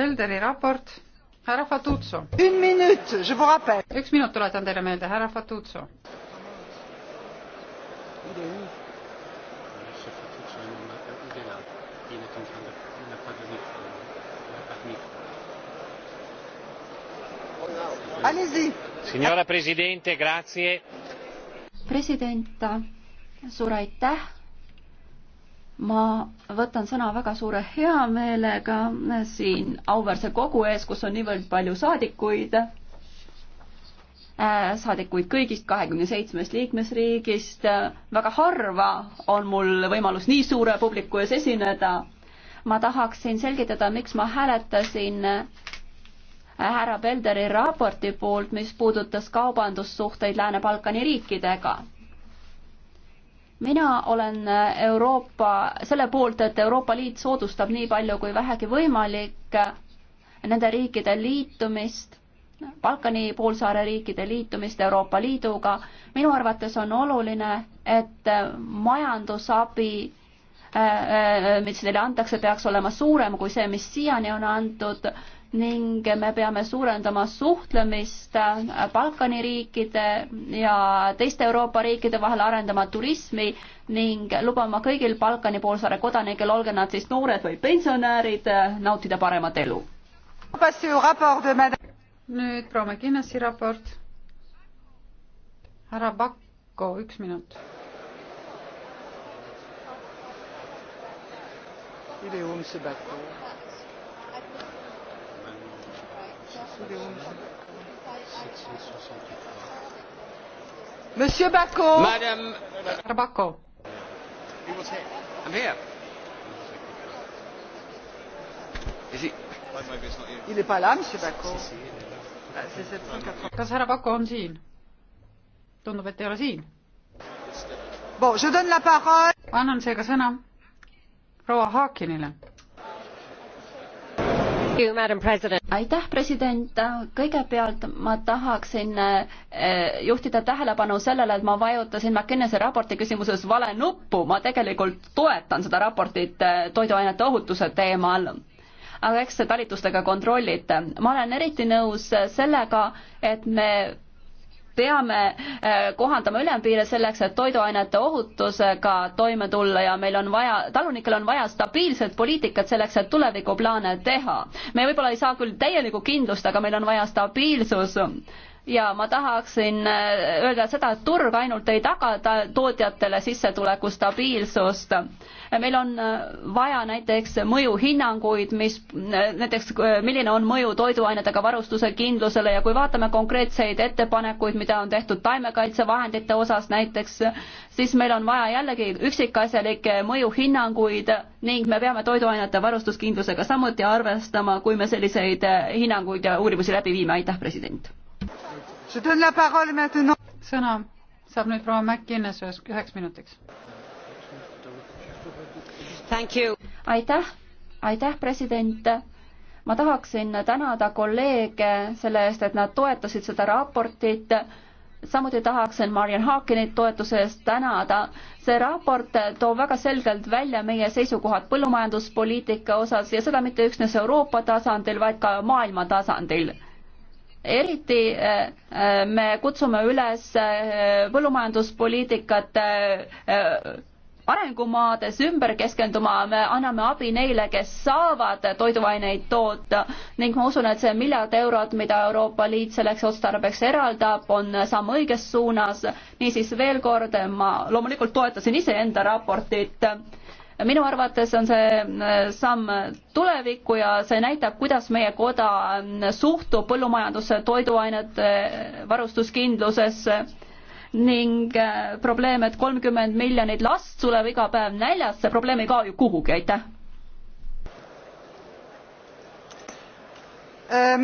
Pelderi raport, härra Fatuzzo. üks minut tuletan teile meelde, härra Fatuzzo. signora presidente grazie president suur aitäh ma võtan sõna väga suure heameelega siin auväärse kogu ees, kus on niivõrd palju saadikuid, äh, saadikuid kõigist kahekümne seitsmest liikmesriigist. väga harva on mul võimalus nii suure publiku ees esineda. ma tahaksin selgitada, miks ma hääletasin äh, härra Belderi raporti poolt, mis puudutas kaubandussuhteid Lääne-Balkani riikidega mina olen äh, Euroopa, selle poolt, et Euroopa Liit soodustab nii palju kui vähegi võimalik äh, nende riikide liitumist, Balkani poolsaare riikide liitumist Euroopa Liiduga. minu arvates on oluline, et äh, majandusabi, mis neile antakse, peaks olema suurem kui see, mis siiani on antud ning me peame suurendama suhtlemist Balkani riikide ja teiste Euroopa riikide vahel, arendama turismi ning lubama kõigil Balkani poolsaare kodanikel, olgu nad siis noored või pensionärid, nautida paremat elu. nüüd proua McGinnesi raport. härra Pakko, üks minut. Il est où, M. Bacot Monsieur Bacco. Madame Bacco. I'm here. Is he? Il n'est pas là, Monsieur Bacco. Ah, kas härra Bacco on siin? tundub, et ei ole siin. annan seega sõna proua Haakinile aitäh, president. kõigepealt ma tahaksin eh, juhtida tähelepanu sellele, et ma vajutasin McKinnise raporti küsimuses vale nuppu. ma tegelikult toetan seda raportit eh, toiduainete ohutuse teemal aga eks te talitustega kontrollite. ma olen eriti nõus sellega, et me peame eh, kohandama ülempiire selleks, et toiduainete ohutusega toime tulla ja meil on vaja, talunikel on vaja stabiilset poliitikat selleks, et tulevikuplaane teha. me võib-olla ei saa küll täielikku kindlust, aga meil on vaja stabiilsus ja ma tahaksin eh, öelda seda, et turg ainult ei taga tootjatele sissetuleku stabiilsust meil on äh, vaja näiteks mõjuhinnanguid, mis äh, näiteks, äh, milline on mõju toiduainetega varustuse kindlusele ja kui vaatame konkreetseid ettepanekuid, mida on tehtud taimekaitsevahendite osas näiteks, siis meil on vaja jällegi üksikasjalikke mõjuhinnanguid ning me peame toiduainete varustuskindlusega samuti arvestama, kui me selliseid hinnanguid ja uurimusi läbi viime, aitäh, president. sõna saab nüüd proua Mäkk Innes üheks minutiks aitäh, aitäh, president. ma tahaksin tänada kolleege selle eest, et nad toetasid seda raportit samuti tahaksin Marian Haakenit toetuse eest tänada. see raport toob väga selgelt välja meie seisukohad põllumajanduspoliitika osas ja seda mitte üksnes Euroopa tasandil, vaid ka maailma tasandil. eriti eh, eh, me kutsume üles eh, põllumajanduspoliitikat arengumaades ümber keskenduma, me anname abi neile, kes saavad toiduaineid toota ning ma usun, et see miljard eurot, mida Euroopa Liit selleks otstarbeks eraldab, on samm õiges suunas. niisiis veel kord, ma loomulikult toetasin iseenda raportit minu arvates on see äh, samm tulevikku ja see näitab, kuidas meie koda äh, suhtub põllumajandusse, toiduainete varustuskindlusesse ning äh, probleem, et kolmkümmend miljonit last suleb iga päev näljas, see probleem ei kao ju kuhugi, aitäh. Äh,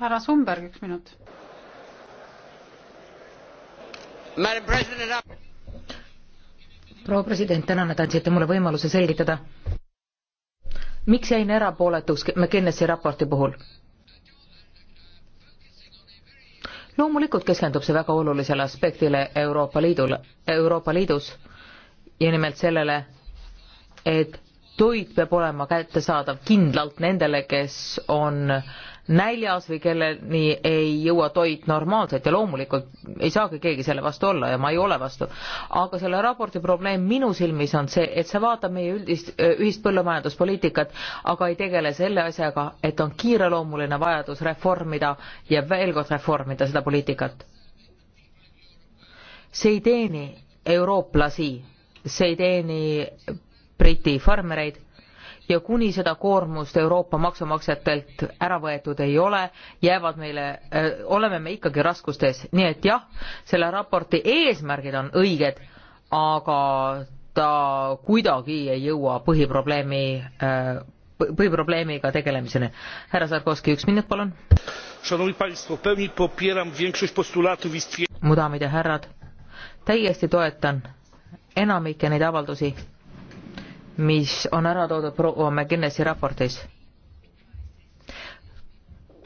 härra Sumberg, üks minut. proua president, tänan, et andsite mulle võimaluse selgitada miks jäin erapooletuks McKinnesi raporti puhul? loomulikult keskendub see väga olulisele aspektile Euroopa Liidul, Euroopa Liidus ja nimelt sellele, et toit peab olema kättesaadav kindlalt nendele, kes on näljas või kelleni ei jõua toit normaalselt ja loomulikult ei saagi keegi selle vastu olla ja ma ei ole vastu. aga selle raporti probleem minu silmis on see, et see vaatab meie üldist, äh, ühist põllumajanduspoliitikat, aga ei tegele selle asjaga, et on kiireloomuline vajadus reformida ja veel kord reformida seda poliitikat. see ei teeni eurooplasi, see ei teeni Briti farmereid ja kuni seda koormust Euroopa maksumaksjatelt ära võetud ei ole, jäävad meile, äh, oleme me ikkagi raskustes, nii et jah, selle raporti eesmärgid on õiged, aga ta kuidagi ei jõua põhiprobleemi, äh, põhiprobleemiga tegelemiseni. härra Sarkovski, üks minut, palun. mu daamid ja härrad, täiesti toetan enamikke neid avaldusi mis on ära toodud proua McGinnesi raportis.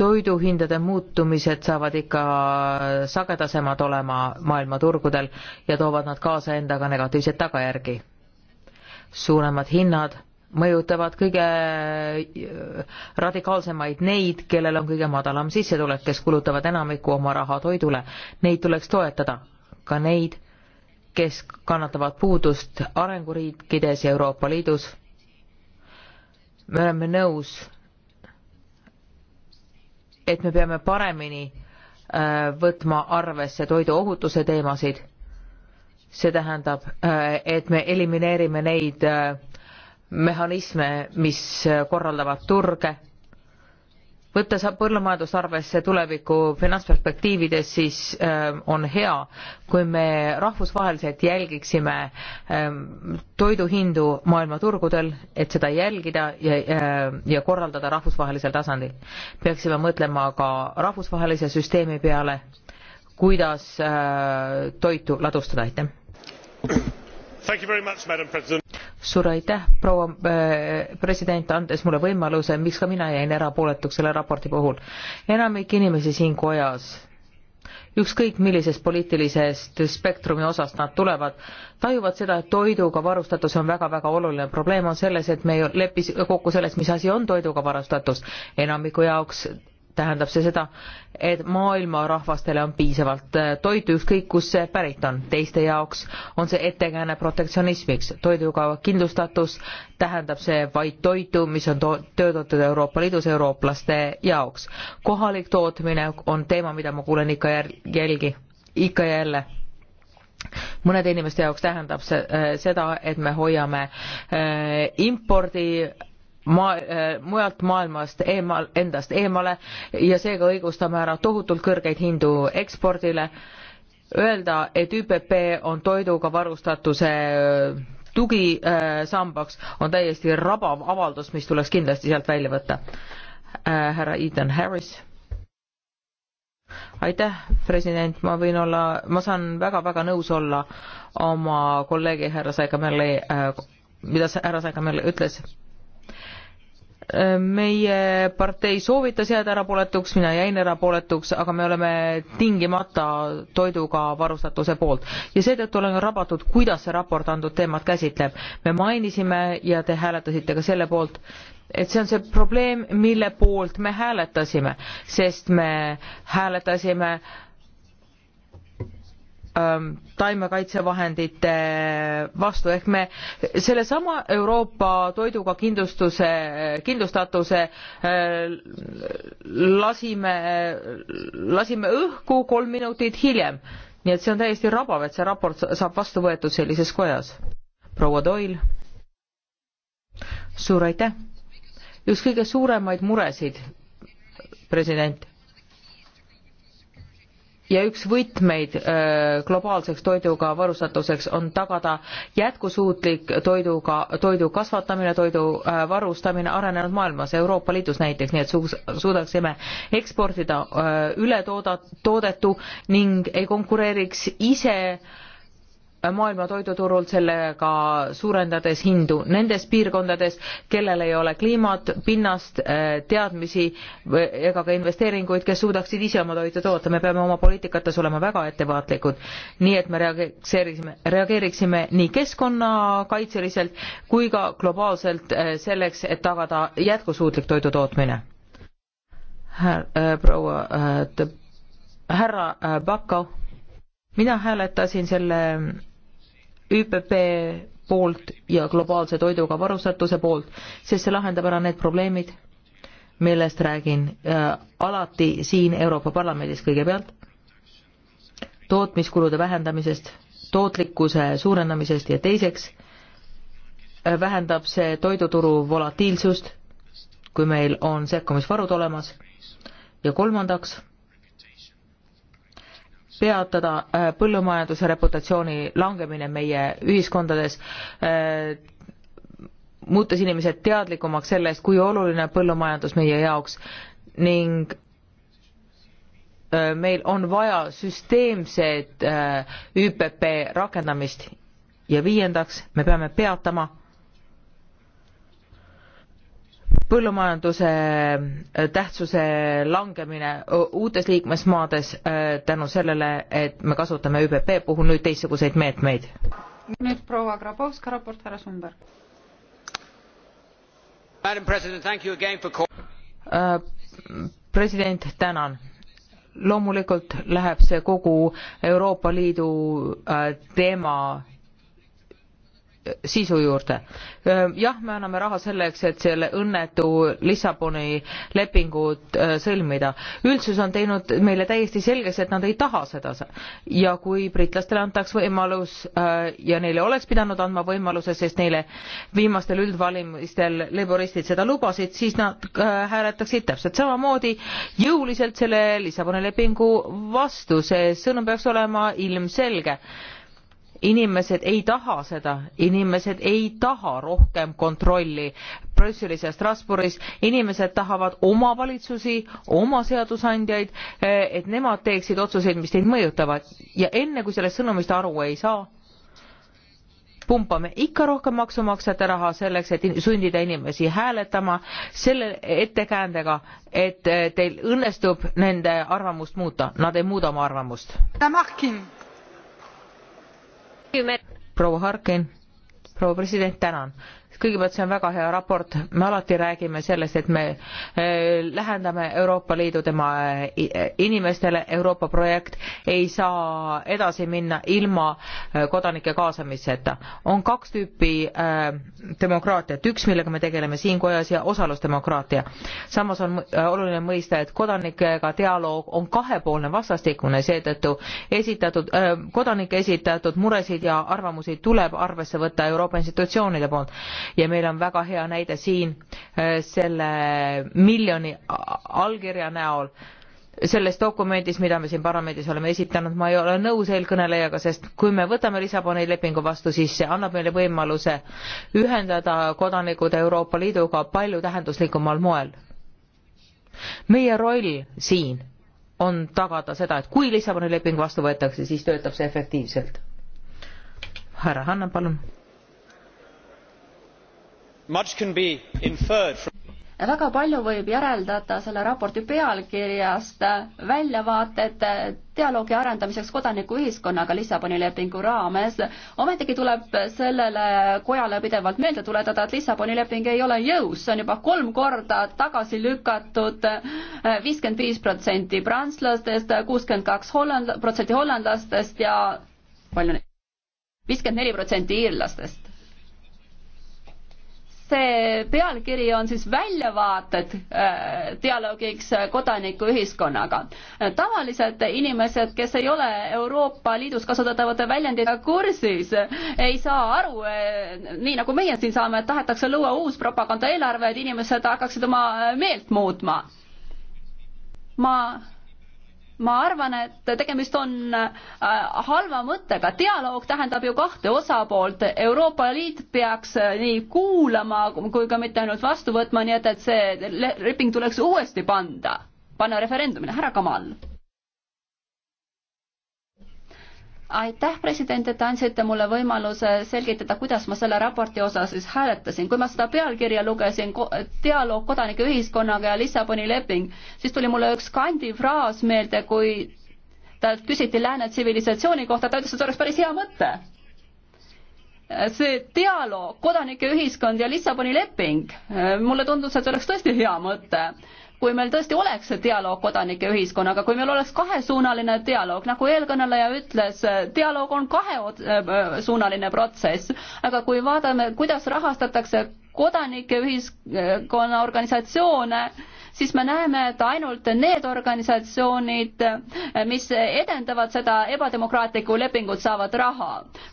toiduhindade muutumised saavad ikka sagedasemad olema maailmaturgudel ja toovad nad kaasa endaga negatiivseid tagajärgi. suuremad hinnad mõjutavad kõige radikaalsemaid neid, kellel on kõige madalam sissetulek, kes kulutavad enamiku oma raha toidule. Neid tuleks toetada, ka neid, kes kannatavad puudust arenguriikides ja Euroopa Liidus. me oleme nõus, et me peame paremini äh, võtma arvesse toiduohutuse teemasid. see tähendab, äh, et me elimineerime neid äh, mehhanisme, mis korraldavad turge võttes põllumajandust arvesse tuleviku finantsperspektiivides, siis äh, on hea, kui me rahvusvaheliselt jälgiksime äh, toiduhindu maailmaturgudel, et seda jälgida ja äh,, ja korraldada rahvusvahelisel tasandil. peaksime mõtlema ka rahvusvahelise süsteemi peale, kuidas äh, toitu ladustada, aitäh! suur aitäh, proua äh, president, andes mulle võimaluse, miks ka mina jäin erapooletuks selle raporti puhul. enamik inimesi siin kojas, ükskõik millisest poliitilisest spektrumi osast nad tulevad, tajuvad seda, et toiduga varustatus on väga-väga oluline. probleem on selles, et me ei lepi kokku selles, mis asi on toiduga varustatus. enamiku jaoks tähendab see seda, et maailma rahvastele on piisavalt äh, toitu, ükskõik kust see pärit on. teiste jaoks on see ettekääne protektsionismiks. toiduga kindlustatus tähendab see vaid toitu, mis on töötatud Euroopa Liidus eurooplaste jaoks. kohalik tootmine on teema, mida ma kuulen ikka jälgi, ikka ja jälle mõnede inimeste jaoks tähendab see äh, seda, et me hoiame äh, impordi maa äh,, mujalt maailmast eemal, endast eemale ja seega õigustame ära tohutult kõrgeid hindu ekspordile. Öelda, et ÜPP on toiduga varustatuse tugisambaks äh,, äh on täiesti rabav avaldus, mis tuleks kindlasti sealt välja võtta äh,. härra Ethan Harris aitäh, president, ma võin olla, ma saan väga-väga nõus olla oma kolleegi härra Saigamäele, äh, mida härra Saigamäele ütles meie partei soovitas jääda erapooletuks, mina jäin erapooletuks, aga me oleme tingimata toiduga varustatuse poolt ja seetõttu olen rabatud, kuidas see raport antud teemat käsitleb. me mainisime ja te hääletasite ka selle poolt, et see on see probleem, mille poolt me hääletasime, sest me hääletasime äh, Ähm, taimekaitsevahendite vastu ehk me sellesama Euroopa toiduga kindlustuse, kindlustatuse äh, lasime, lasime õhku kolm minutit hiljem. nii et see on täiesti rabav, et see raport saab vastu võetud sellises kojas. proua Toil. suur aitäh. üks kõige suuremaid muresid, president ja üks võtmeid äh, globaalseks toiduga varustatuseks on tagada jätkusuutlik toiduga, toidu kasvatamine, toidu äh, varustamine arenenud maailmas, Euroopa Liidus näiteks, nii et suus, suudaksime eksportida äh, ületooda-, toodetu ning ei konkureeriks ise maailma toiduturult, sellega suurendades hindu nendes piirkondades, kellel ei ole kliimat, pinnast, äh, teadmisi ega ka investeeringuid, kes suudaksid ise oma toitu toota. me peame oma poliitikates olema väga ettevaatlikud, nii et me reageeriksime, reageeriksime nii keskkonnakaitseliselt kui ka globaalselt äh, selleks, et tagada jätkusuutlik toidu tootmine. Äh, proua, härra Bakko mina hääletasin selle ÜPP poolt ja globaalse toiduga varustatuse poolt, sest see lahendab ära need probleemid, millest räägin äh, alati siin Euroopa Parlamendis kõigepealt, tootmiskulude vähendamisest, tootlikkuse suurendamisest ja teiseks äh, vähendab see toiduturu volatiilsust, kui meil on sekkumisvarud olemas, ja kolmandaks peatada äh, põllumajanduse reputatsiooni langemine meie ühiskondades, äh, muutes inimesed teadlikumaks sellest, kui oluline põllumajandus meie jaoks ning äh, meil on vaja süsteemset ÜPP rakendamist ja viiendaks, me peame peatama põllumajanduse äh, tähtsuse langemine uutes liikmesmaades äh, tänu sellele, et me kasutame ÜPP puhul nüüd teistsuguseid meetmeid. nüüd proua Grabovska raport, härra Sundberg. Äh, president, tänan loomulikult läheb see kogu Euroopa Liidu teema sisu juurde. jah, me anname raha selleks, et selle õnnetu Lissaboni lepingut sõlmida. üldsus on teinud meile täiesti selgeks, et nad ei taha seda. ja kui britlastele antaks võimalus ja neile oleks pidanud andma võimaluse, sest neile viimastel üldvalimistel laboristid seda lubasid, siis nad hääletaksid täpselt samamoodi jõuliselt selle Lissaboni lepingu vastu. see sõnum peaks olema ilmselge inimesed ei taha seda, inimesed ei taha rohkem kontrolli Brüsselis ja Strasbourgis, inimesed tahavad omavalitsusi, oma seadusandjaid, eh, et nemad teeksid otsuseid, mis neid mõjutavad ja enne, kui sellest sõnumist aru ei saa, pumpame ikka rohkem maksumaksjate raha selleks, et sundida inimesi hääletama selle ettekäändega, et eh, teil õnnestub nende arvamust muuta, nad ei muuda oma arvamust proua Harkin, proua president, tänan kõigepealt see on väga hea raport, me alati räägime sellest, et me eh, lähendame Euroopa Liidu tema eh, inimestele, Euroopa projekt ei saa edasi minna ilma eh, kodanike kaasamiseta. on kaks tüüpi demokraatiat, üks, millega me tegeleme siin kojas ja osalusdemokraatia. samas on oluline mõista, et kodanikega dialoog on kahepoolne, vastastikune, seetõttu esitatud, kodanike esitatud muresid ja arvamusi tuleb arvesse võtta Euroopa institutsioonide poolt ja meil on väga hea näide siin äh, selle miljoni allkirja näol selles dokumendis mida me siin parlamendis oleme esitanud ma ei ole nõus eelkõnelejaga sest kui me võtame lissaboni lepingu vastu siis see annab meile võimaluse ühendada kodanikud euroopa liiduga palju tähenduslikumal moel meie roll siin on tagada seda et kui lissaboni leping vastu võetakse siis töötab see efektiivselt härra hannan palun väga palju võib järeldada selle raporti pealkirjast väljavaated dialoogi arendamiseks kodanikuühiskonnaga Lissaboni lepingu raames. ometigi tuleb sellele kojale pidevalt meelde tuletada, et Lissaboni leping ei ole jõus, see on juba kolm korda tagasi lükatud, viiskümmend viis protsenti prantslastest, kuuskümmend kaks holland-, protsenti hollandlastest ja palju neid, viiskümmend neli protsenti iirlastest see pealkiri on siis väljavaated äh, dialoogiks kodanikuühiskonnaga. tavalised inimesed, kes ei ole Euroopa Liidus kasutatavate väljenditega kursis, ei saa aru, äh, nii nagu meie siin saame, et tahetakse luua uus propagandaeelarve, et inimesed hakkaksid oma meelt muutma. ma ma arvan, et tegemist on äh, halva mõttega, dialoog tähendab ju kahte osapoolt, Euroopa Liit peaks äh, nii kuulama kui ka mitte ainult vastu võtma, nii et, et see leping tuleks uuesti panda, panna referendumile, härra Kamal aitäh, president, et andsite mulle võimaluse selgitada, kuidas ma selle raporti osas siis hääletasin. kui ma seda pealkirja lugesin, dialoog kodanike ühiskonnaga ja Lissaboni leping, siis tuli mulle üks kandifraas meelde, kui talt küsiti lääne tsivilisatsiooni kohta, ta ütles, et see oleks päris hea mõte. see dialoog, kodanike ühiskond ja Lissaboni leping, mulle tundus, et see oleks tõesti hea mõte kui meil tõesti oleks see dialoog kodanike ühiskonnaga, kui meil oleks kahesuunaline dialoog, nagu eelkõneleja ütles, dialoog on kahesuunaline äh, äh, protsess, aga kui vaatame, kuidas rahastatakse kodanike ühiskonna organisatsioone, siis me näeme, et ainult need organisatsioonid, mis edendavad seda ebademokraatlikku lepingut, saavad raha.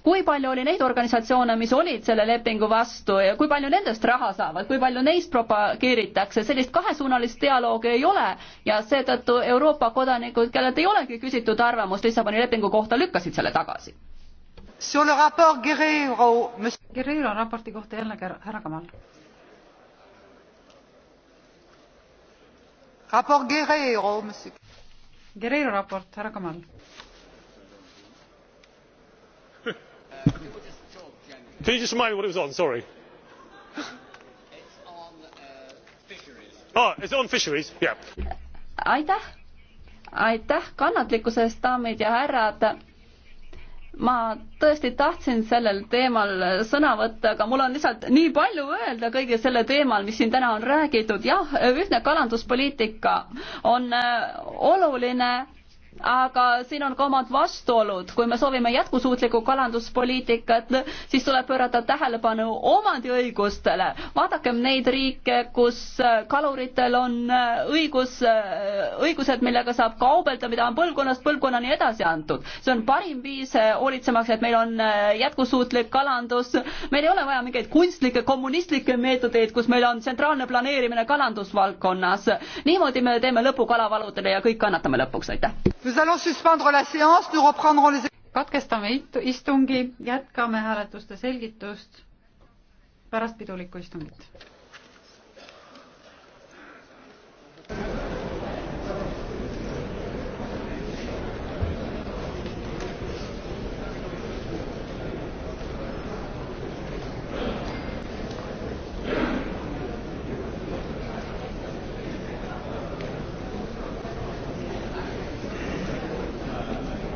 kui palju oli neid organisatsioone, mis olid selle lepingu vastu ja kui palju nendest raha saavad, kui palju neist propageeritakse, sellist kahesuunalist dialoogi ei ole ja seetõttu Euroopa kodanikud, kellelt ei olegi küsitud arvamust Lissaboni lepingu kohta, lükkasid selle tagasi sur le rapport guerreiro guerreiro raporti kohta jällegi härra kamal raport Guerreiro, monsieur. Guerreiro raport, härra Kamal. Can you just remind me what it was on? Sorry. it's on uh, fisheries. Oh, it's on fisheries, yeah. aitäh, aitäh kannatlikkuse eest, daamid ja härrad ma tõesti tahtsin sellel teemal sõna võtta, aga mul on lihtsalt nii palju öelda kõige selle teemal, mis siin täna on räägitud. jah, ühtne kalanduspoliitika on äh, oluline aga siin on ka omad vastuolud, kui me soovime jätkusuutlikku kalanduspoliitikat, siis tuleb pöörata tähelepanu omandiõigustele. vaadakem neid riike, kus kaluritel on õigus, õigused, millega saab kaubelda, mida on põlvkonnast põlvkonnani edasi antud. see on parim viis eh, hoolitsemaks, et meil on eh, jätkusuutlik kalandus, meil ei ole vaja mingeid kunstlikke kommunistlikke meetodeid, kus meil on tsentraalne planeerimine kalandusvaldkonnas. niimoodi me teeme lõpu kalavaludele ja kõik kannatame lõpuks, aitäh! katkestame istungi jätkame hääletuste selgitust pärast pidulikku istungit.